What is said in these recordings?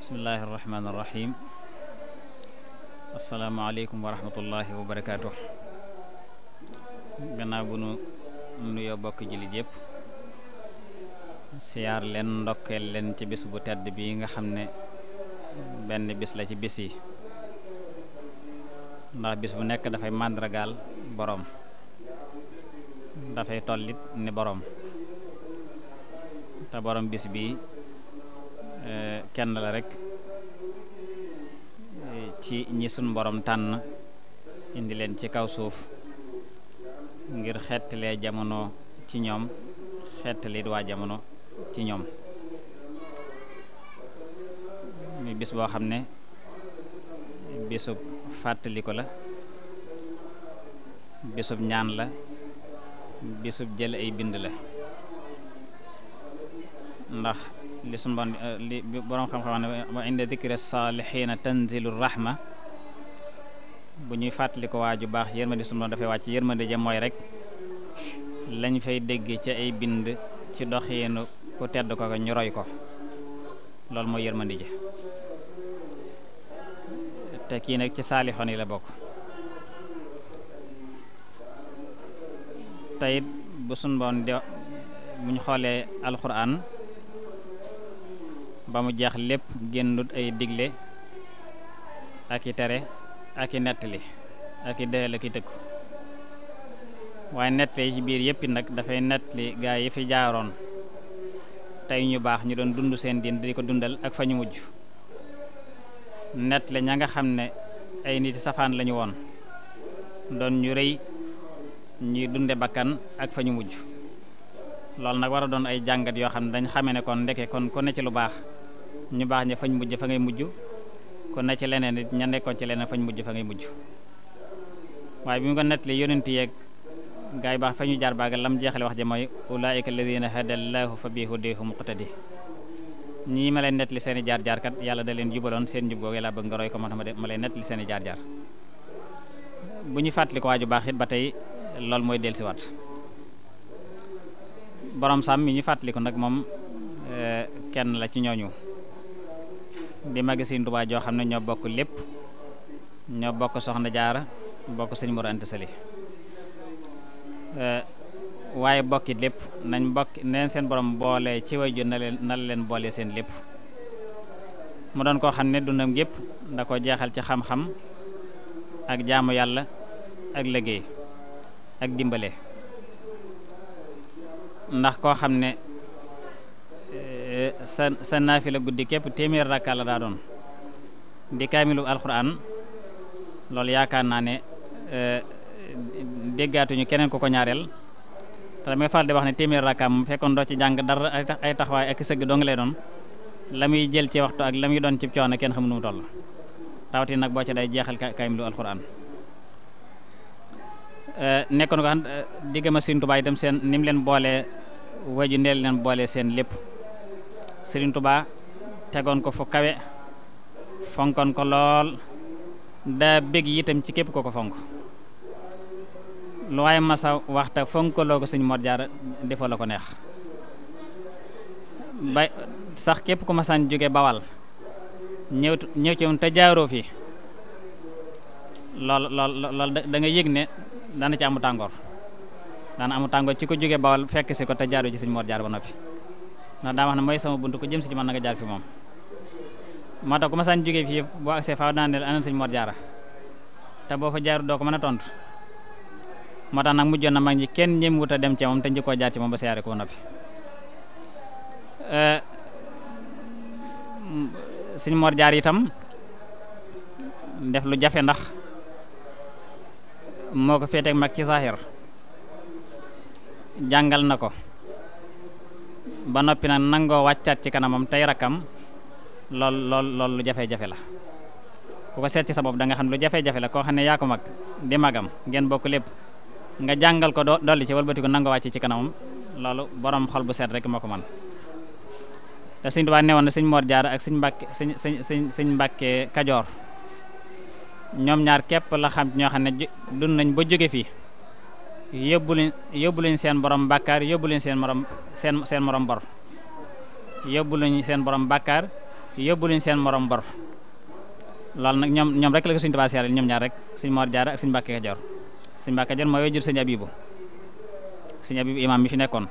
bismillaahi rahmaani rahiim asalaamaaleykum wa rahmatullaahi wa barakaatu gannaaw bu nu nuyoo bokk ji li siyaar leen ndokkeel leen ci bis bu tedd bi nga xam ne benn bis la ci bis yi ndax bis bu nekk dafay màndargaal boroom dafay tollit ni boroom te boroom bis bi kenn la rek eh, ci ñi sunu borom tànn indi leen ci kaw suuf ngir xeetalee jamono ci ñoom xettali waa jamono ci ñoom muy bés boo xam ne bisub fàttaliku la bisub ñaan la bisub jël ay bind la ndax li sun bon eh, li borom xam-xam ne wa inda dikri saalihiina ñuy fàttali ko waaju baax yërmande sun borom dafay wàcc yërmande ja mooy rek lañ fay dégg ci ay bind ci doxiinu ku tedd ko mooy yërmande ja te ci saalixoon yi la bokk teyit bu sun boon ñu xoolee alxuraan ba mu jeex lépp génnut ay digle ak i tere ak i nettali ak i dëhël ak i tëkku waaye nettali ci biir yëpp nag dafay nettali gaa yi fi jaaroon tey ñu baax ñu doon dund seen diin di ko dundal ak fa ñu mujj nettali ña nga xam ne ay nit safaan lañu woon doon ñu rëy ñuy dunde bakkan ak fa ñu mujj loolu nag war a doon ay jàngat yoo xam ne dañ xame ne kon ndeke kon ku ne ci lu baax ñu baax ña fañ mujj fa ngay mujj kon na ci leneen it ña nekkoon ci leneen fañ mujj fa ngay mujj waaye bi mu ko nettali yonent yeeg gaa yi baax fa ñu jaar baaga lam jeexale wax ja mooy ulaayika alladina hadallaahu fa bi hudayhum di ñii ma lay nettali seen i jaar jaar kat yàlla da leen jubaloon seen njub googu laa bëgg nga roy ko man ma lay nettali seen i jaar jaar bu ñu fàttali ko baax it ba tey loolu mooy dellusiwaat borom sàmm mi ñu fàttali nag moom eh, kenn la ci ñooñu di magi Sëriñ Tuubaa joo xam ne ñoo bokk lépp ñoo bokk soxna jaara bokk sëñ Mor Anta Sali eh, waaye bokki lépp nañ bokk neen seen borom boole ci way ju na leen na boole seen lépp mu doon koo xam ne dundam gépp da ko jeexal ci xam-xam ak jaamu yàlla ak liggéey ak dimbale ndax koo xam ne sa sa la guddi képp téeméer rakka la daa doon di kaamilu alxuraan loolu yaakaar naa ne eh, déggaatuñu keneen ku ko ñaareel te damay faral di wax ne téeméer rakka mu fekkoon doo ci jàng dara ay taxawaay ak sëgg dong doon la muy jël ci waxtu ak la muy doon cib coono kenn xam nu mu toll rawati nag boo ci day jeexal kaamilu alxuraan eh, nekkoon ko xam eh, digga ma Sëriñ Tuubaa itam seen ni leen boole waju ndeel leen boole seen lépp Serigne Touba tegoon ko fu kawe fonkoon ko lool daa bëgg itam ci képp ko ko fonk lu waaye masa waxta fonkaloo ko sëñ Mor Jaara defoo la ko neex ba sax képp ku masaan jóge bawal ñëw ñëw ci moom te jaaroo fi lool lool lool da nga yëg ne dana ci amu tàngoor dana amu tàngoor ci ko jóge bawal fekk si ko te jaaroo ci sëñ Mor Jaara ba noppi ndax daa wax ne mooy sama buntu ko jëm si ci na nga jaar fi moom moo tax ku ma saan fii boo agsee faaw daan ne la anam Jaara te boo fa jaar doo ko mën a tontu moo tax nag mu mujjoon na mag ñi kenn ñëm wut a dem ci moom te njëkkoo jaar ci moom ba siyaare ko noppi eh, sëñ Mor Jaara itam def lu jafe ndax moo ko féeteeg mag ci saaxir jàngal na ko ba noppi nag nangoo wàccaat ci kanamam tey rakkam lool lool lool lu jafe-jafe la ku ko seet ci sa bopp da nga xam lu jafe-jafe la koo xam ne yaa ko mag di magam ngeen bokk lépp nga jàngal ko dolli ci walbatiku nangoo wàcc ci kanamam loolu borom xol bu set rek moo ko man te sëñ Tuubaa newoon na sëñ Mor Jaara ak sëñ Mbàkke sëñ sëñ sëñ Mbàkke Kajoor ñoom ñaar képp la xam ñoo xam ne dund nañ ba jóge fii yóbbu leen yóbbu leen seen borom bàkkaar yóbbu leen seen morom seen seen morom bor yóbbu ñu seen borom bàkkaar yóbbu leen seen morom bor loolu nag ñoom ñoom rek la ko Sëriñ Tuubaa seeral ñoom ñaar rek Sëriñ Mor Jaara ak Sëriñ Mbàkke Kajoor Sëriñ Mbàkke Kajoor mooy jur Sëriñ Abibu Sëriñ Abibu imaam mi fi nekkoon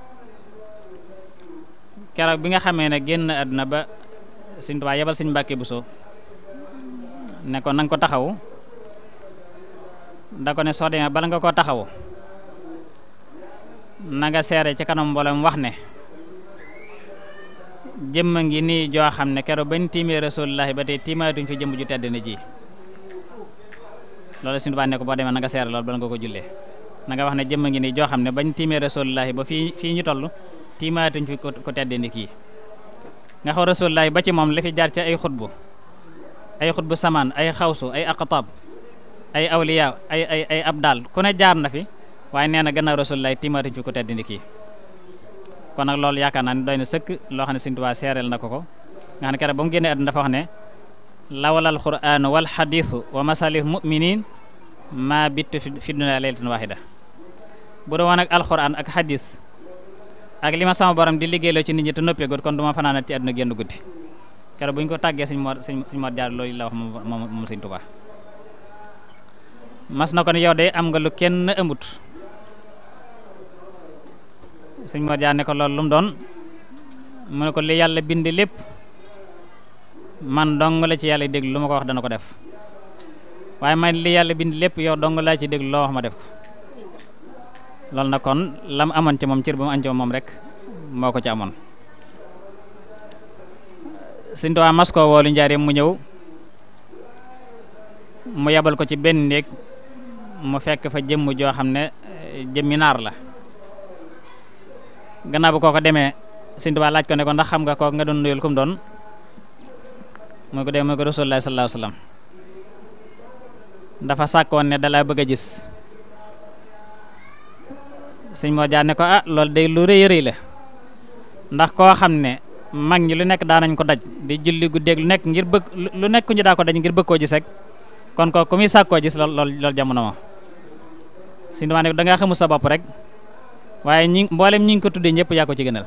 keroog bi nga xamee ne génn àdduna ba Sëriñ Tuubaa yebal Sëriñ Mbàkke Buso ne ko nanga ko taxaw da ko ne soo demee bala nga koo taxaw na nga seere ci kanam mboolem wax ne jëmm ngi nii joo xam ne keroog bañ tiimee rasulullahi ba tey tiimaatuñ fi jëmm ju tedd na ji loolu suñu bànnee ko boo demee na nga seere loolu ba nga ko jullee na wax ne jëmm ngi nii joo xam ne bañ tiimee rasulullahi ba fii fii ñu toll tiimaatuñ fi ko tedd ni kii nga xaw rasulullahi ba ci moom li fi jaar ci ay xutbu ay xutbu samaan ay xawsu ay aqtaab ay awliya ay ay ay abdal ku ne jaar na fi waaye nee na gannaaw rasulullah tiimati ci ko tedd ndi kii kon nag loolu yaakaar naa ni doy na sëkk loo xam ne Sëriñ Tuubaa seereel na ko ko nga xam ne keroog ba mu génnee àdduna dafa wax ne lawalal qur'aanu wal xadiisu wa masalih mu'minin maa bittu fi dunya leylatan waahida bu doon woon ak alxuraan ak xadis ak li ma sama borom di liggéeyloo ci nit ñi te noppee gut kon du ma fanaana ci àdduna génn guddi keroog bu ñu ko tàggee suñ mor suñ mor jaar loolu la wax moom moom sëñ Mor Jaa ne ko loolu lu mu doon mu ne ko li yàlla bind lépp man dong la ci yàlla déglu lu ma ko wax dana ko def waaye man li yàlla bind lépp yow dong laa ci déglu loo ma def ko loolu nag kon lam amoon ci moom cër ba mu añ moom rek moo ko ci amoon sëñ Tuubaa mas koo woolu njaareem mu ñëw mu yabal ko ci benn néeg mu fekk fa jëmm joo xam ne jëmminaar la gannaaw ba ko demee Sëñ laaj ko ne ko ndax xam nga ko nga doon nuyul kum doon mooy ko dee mooy ko Rasulullah sallallahu dafa sàkkoon ne dalaa bëgg a gis Sëñ moo jaar ne ko ah loolu day lu rëy rëy la ndax koo xam ne mag ñi lu nekk daanañ ko daj di julli guddeeg lu nekk ngir bëgg lu nekk daa ko daj ngir bëgg koo gis rek kon ko ku muy sàkkoo gis lool lool loolu ma Sëñ Tuubaa ko dangaa xamul sa rek waaye ñi mboolem ñi ngi ko tuddee ñëpp yaa ko ci gënal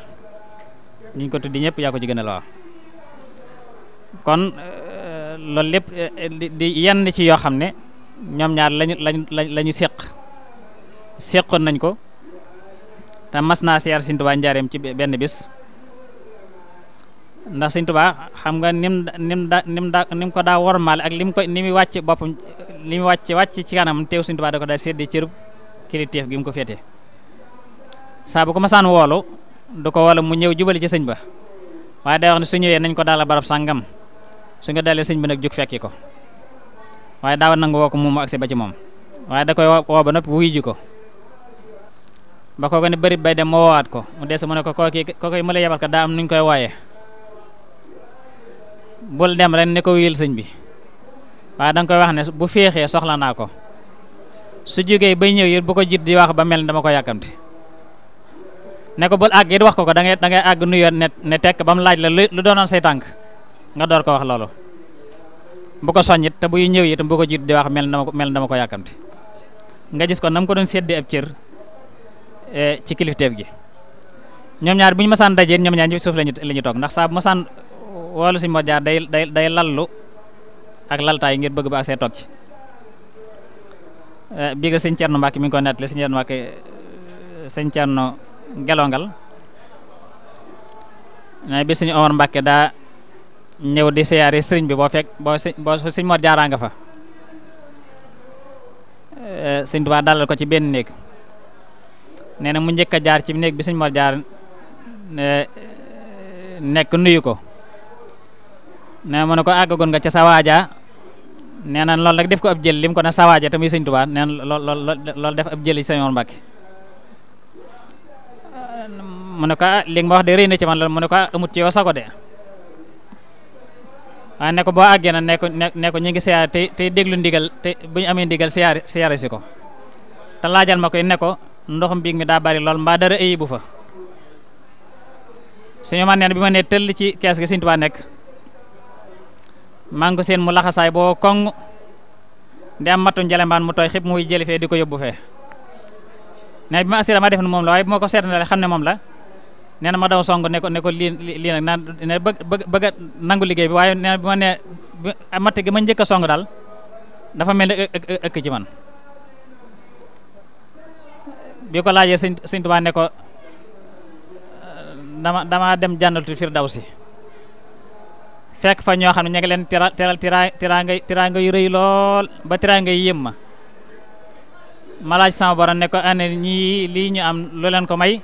ñi ngi ko tuddee ñëpp yaa ko ci gënal waaw kon euh, loolu lépp euh, di yenn ci yoo xam ne ñoom ñaar lañu lañu lañu séq séqoon nañ ko te mas naa siyaar Sëñ Tuubaa njaareem ci benn bis ndax Sëñ Tuubaa xam nga nim nim daa nim da nim ko daa wormaale ak lim ko ni muy wàcc boppam li muy wàcc wàcc ci kanam teew Sëñ Tuubaa da ko daa séddee cërub kilifteef gi mu ko féete saa bu ko masaan woolu du ko wala mu ñëw jubali ci sëñ ba waaye day wax ne su ñëwee nañ ko daal barab sàngam su nga dalee sëñ bi nag jóg fekki ko waaye daawa nangu woo ko mu agsi ba ci moom waaye da koy woo ba noppi wuy ji ko ba kooku ne bëri bay dem moo wowaat ko mu des mu ne ko kooki kooki mu la yebal ko daa am nuñ koy wooyee bul dem ren ne ko wuyul sëñ bi waaye danga koy wax ne bu féexee soxla naa ko su jógee bay ñëw yit bu ko jiit di wax ba mel ni dama ko yàkkamti ne ko bul àgg it wax ko ko da ngay da ngay àgg nuyoo ne tekk ba mu laaj la lu doonoon say tànk nga door ko wax loolu bu ko soññit te buy ñëw itam bu ko jiit di wax mel na mel dama ko yàkkamti nga gis ko na ko doon séddee ab cër eh, ci kilifteef gi ñoom ñaar bu ñu masaan dajee ñoom ñaar ñi suuf lañu la ñu toog ndax saa bu masaan woolu si moo jaar day day day lallu ak laltaay ngir bëgg ba ak see ci eh, biig la sëñ Cerno Mbàkke mi ngi ko nettali sëñ Cerno Mbàkke sëñ gelongal ne bi suñu Omar Mbàkke daa ñëw di siyaare sëriñ bi boo fekk boo si boo suñ Jaara nga fa eh, sëñ Tuubaa dalal ko ci benn néeg nee na mu njëkk jaar ci néeg bi suñ Mor Jaara nekk nuyu ko nee na mu ne ko àggagoon nga ca sawaaja nee na loolu def ko ab jël lim ko ne sawaaja te muy lool lool def ab jël ci sëñ Omar mu ne ko ah, li nga ma wax de rëy na ci la mu ne ko ah, amut ci yow sago de waaye ne ko boo àggee na ne ko ne ko ngi siyaare tey déglu ndigal te bu ñu amee ndigal siyaare siyaare si ko te laajal ma koy nekko ndox ndoxum biig mi daa bari lool mbaa dara ayi bu fa suñu man neen bi ma ne tëll ci kees gi Sëriñ Tuubaa nekk maa ngi ko seen mu laxasaay boo koŋ di am matu njelembaan mu tooy xib muy jëli fee di ko yóbbu fee ne bi ma assuré ma def na moom la waaye bu nee ma daw song ne ko ne ko lii lii nag naan bëgg bëgg a nangu liggéey bi waaye nee bi ma nee matt gi ma njëkk a song daal dafa mel ni ëkk ci man bi ko laajee sëñ sëñ Tuubaa ne ko dama dama dem jànnatul firdawsi fekk fa ñoo xam ne ñu leen tera teral tiraanga tiraanga yu rëy lool ba tiraanga yi yëm ma ma laaj sama borom ne ko année ñii lii am lu ko may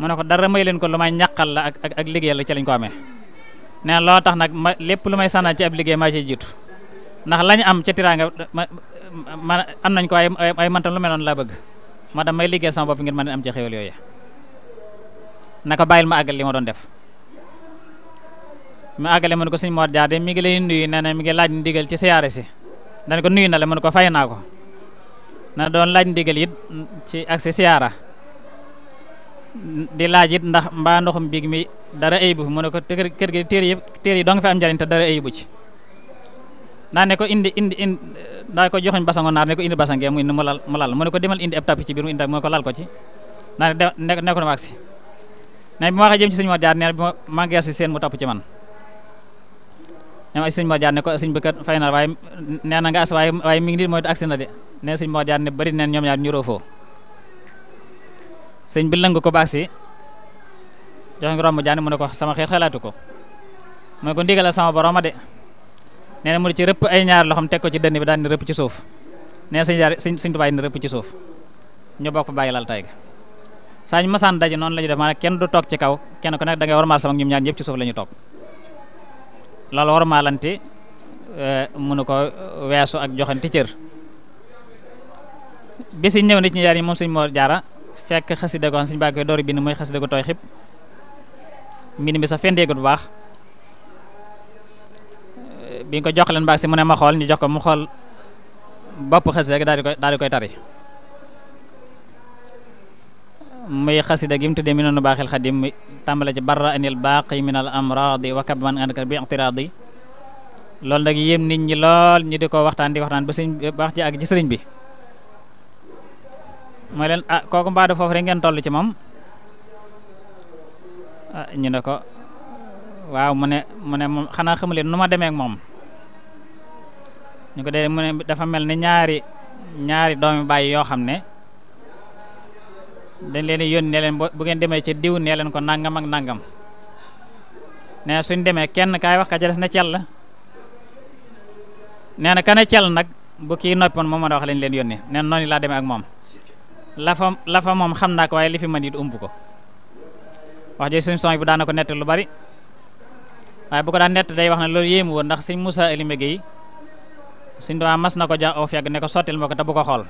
mu ne ko dara may leen ko lu may ñàqal la ak liggéeyal la ci lañ ko amee loo tax nag ma lépp lu may sànnal ci ab liggéey maa ciy jiitu ndax lañ am ca tiraanga ma ma am nañ ko ay ay mantam lu mel noonu laa bëgg ma dam may liggéeyal sama bopp ngir mën am ci xéwal yooyu naka bàyyil ma àggal li ma doon def ma àggale mën ko suñ Mor Dia de mi ngi lay nuyu nee na mi ngi laaj ndigal ci siyaare si dañ ko nuyu na la mën ko fay naa ko na doon laaj ndigal it ci di laaj it ndax mbaa ndoxum biig mi dara ayibu mu ne ko kër gi téere yëpp téere yi doo nga fi am njariñ te dara ayibu ci naa ne ko indi indi indi daa ko joxoñ basango naar ne ko indi basangee mu indi mu lal mu lal ne ko demal indi ab tappi ci biir mu indi mu ne ko lal ko ci naa ne ne ko na waag si ne bi ma waxee jëm ci sëñ Mor ne ma geesi seen mu topp ci man ne ma sëñ Mor Jaar ne ko sëñ bi kat fay na waaye nee na nga as waaye waaye mi nit mooy agsi na de ne sëñ Mor Jaar ne bari neen ñoom sëñ bi lëng ko baasi joxe ko romb jaani mu ne ko sama xel xalaatu ko mu ne ko ndigal la sama borom de nee na mu ne ci rëpp ay ñaar loxoom teg ko ci dënn bi daal di rëpp ci suuf nee na sëñ jaari sëñ tubaay ci suuf ñu bokk fa bàyyi lal tay sañ saa ñu masaan daje noonu la ñu def maanaam kenn du toog ci kaw kenn ku nekk da ngay warmaal sama ñoom ñaar ñëpp ci suuf la ñu toog loolu warmaalante eh, munu ko weesu ak joxanti cër bisi ñëw nit ñi jaar yi moom sëñ moo jaara fekk xasida ko xam suñu baa koy door bind mooy xasida ko tooy xib mbind mi sax fendeegut bu baax eh, bi ñu ko jox leen baag si mu ne ma xool ñu jox ko mu xool bopp xasida rek daal di koy daal di koy tari muy xasida gi mu mi noonu baaxil xadim mi tàmbale ci barra anil baaqi min al amradi wa kab man anka bi iqtiradi loolu nag yéem nit ñi lool ñu di ko waxtaan di waxtaan ba sëñ wax ji ak ci sëriñ bi mooy leen ah kooku mbaa de foofu rek ngeen toll ci moom ah ñu ne ko waaw mu ne mu ne moom xanaa xamu leen nu ma demee ak moom ñu ko dee mu ne dafa mel ni ñaari ñaari doomi bàyyi yoo xam ne dañ leen yónni ne leen bu ngeen demee ci diw nee leen ko nangam ak nangam nee suñ demee kenn kaay wax ka ca des na cell nee na ka ne cell nag bu kii noppoon moom ma da wax lañ leen yónni nee noonu laa demee ak moom la fa la fa moom xam naa ko waaye li fi mën umb ko wax jooju sëñ son bu daana ko nett lu bari waaye bu ko daan nett day wax ne loolu yéemu woon ndax sëñ Moussa Alioune Guèye sëñ Tuubaa mas na ko jox aw fegg ne ko sottil ma ko te bu ko xool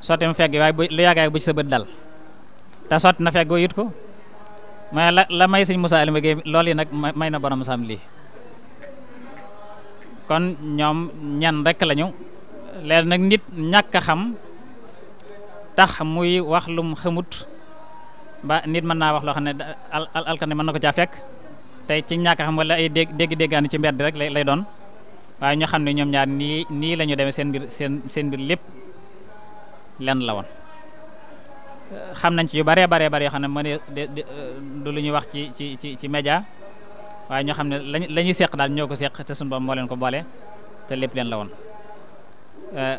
sottil mu fegg waaye lu yàgg bu ci sa bët dal te sotti na fegg yit ko may la la may sëñ Moussa Alioune Guèye loolu yi nag may na borom sam lii kon ñoom ñan rek lañu leer nag nit ñàkk xam tax muy wax lum xamut ba nit mën naa wax loo xam ne al alkane mën na ko caa fekk tey ci ñàkk xam wala ay dégg déggaani ci mbedd rek lay lay doon waaye ñoo xam ne ñoom ñaar nii nii lañu ñu demee seen mbir seen seen mbir lépp lenn la woon. xam nañ ci yu baree baree bare xam ne mën du lu ñuy wax ci ci ci ci média waaye ñoo xam ne lañ la seq daal ñoo ko seq te suñu boom moo ko boole te lépp leen la woon. Euh,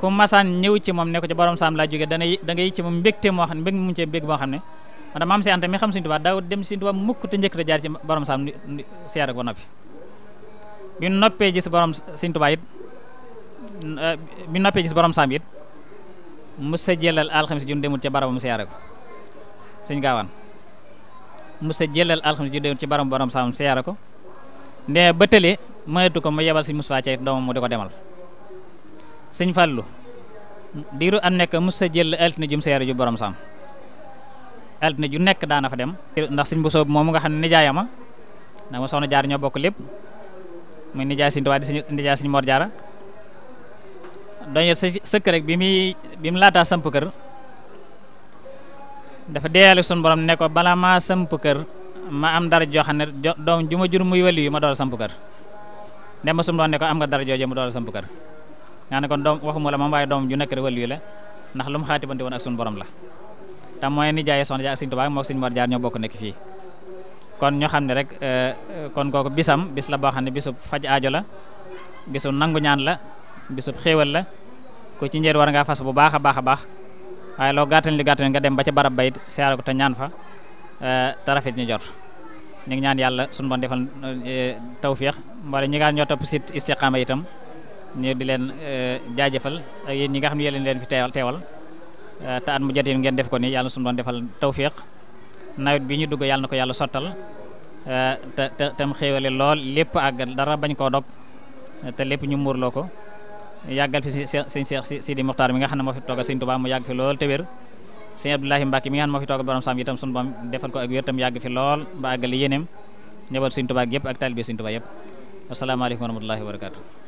ku masaan ñëw ci moom ne ci borom saam laa jógee danay da ngay ci moom mbégte moo xam ne mbég mu cee bég moo xam ne maanaam maam si ante mi xam Sëñ Tuubaa daaw dem Sëñ Tuubaa mukk te njëkk te jaar ci borom saam siyaare ko ba mu ci barabam siyaare ko sëñ gaawaan mu sa jëlal alxames jun demul ci barabam borom saam siyaare ko ndee ba tëlee mënatu ko mu yebal si Mustafaa ca doomam mu di ko demal sëñ Fallou diiru an nekk mos sa jël altine jum seere ju borom sam altine ju nekk daana fa dem ndax sëñ bu soob mu nga xam ne nijaayama ndax ma soxna jaar ñoo bokk lépp muy nijaay sëñ Tuubaa di sëñ nijaay sëñ Jaara doñet sa sëkk rek bi muy bi mu laataa samp kër dafa deeyale sun borom ne ko maa samp kër ma am dara joo xam ne doom ju ma jur muy wali ma door a samp kër ne ma sun borom ne am nga dara jooje mu door a samp kër nga ne kon doom waxuma la moom waaye doom ju nekk rek waliyu la ndax lu mu xaatibante woon ak suñu borom la te mooy ni jaayee soxna jaar ak sëñ Tuubaa mook sëñ Mor Jaar ñoo kon ñu xam ne rek eh, eh, la boo xam ne bisub faj aajo la bisub nangu ñaan la bisub xéewal la ko ci njëriñ war ngaa fas bu baax a baax a baax waaye loo gàttal li nga dem ba ca barab bayit seera ko te ñaan fa eh, te ñu jot ñu ñaan yàlla sunu bon defal tawfiix mbooleem ñi nga ñoo topp site Istikhama ñu di leen eh, jaajafal ak yéen ñi nga xam ne yéen leen fi teewal teewal eh, te at mu jot ngeen def ko ni yàlla suñu doon defal tawfiq nawet bi ñu dugg yàlla ko yàlla sottal eh, te te tam xéewale lool lépp àgg dara bañ koo dog te lépp ñu muurloo ko yàggal fi sëñ Cheikh Sidi Mokhtar mi nga xam ne moo fi toogal sëñ Touba mu yàgg lool te wér sëñ mi nga xam ne moo fi toogal borom sam itam sunu bam defal ko ak wér tam yàgg fi lool ba àggal yéeneem ñëwal sëñ Touba yëpp ak taalibe sëñ Touba yëpp asalaamaaleykum wa rahmatullahi wa barakatu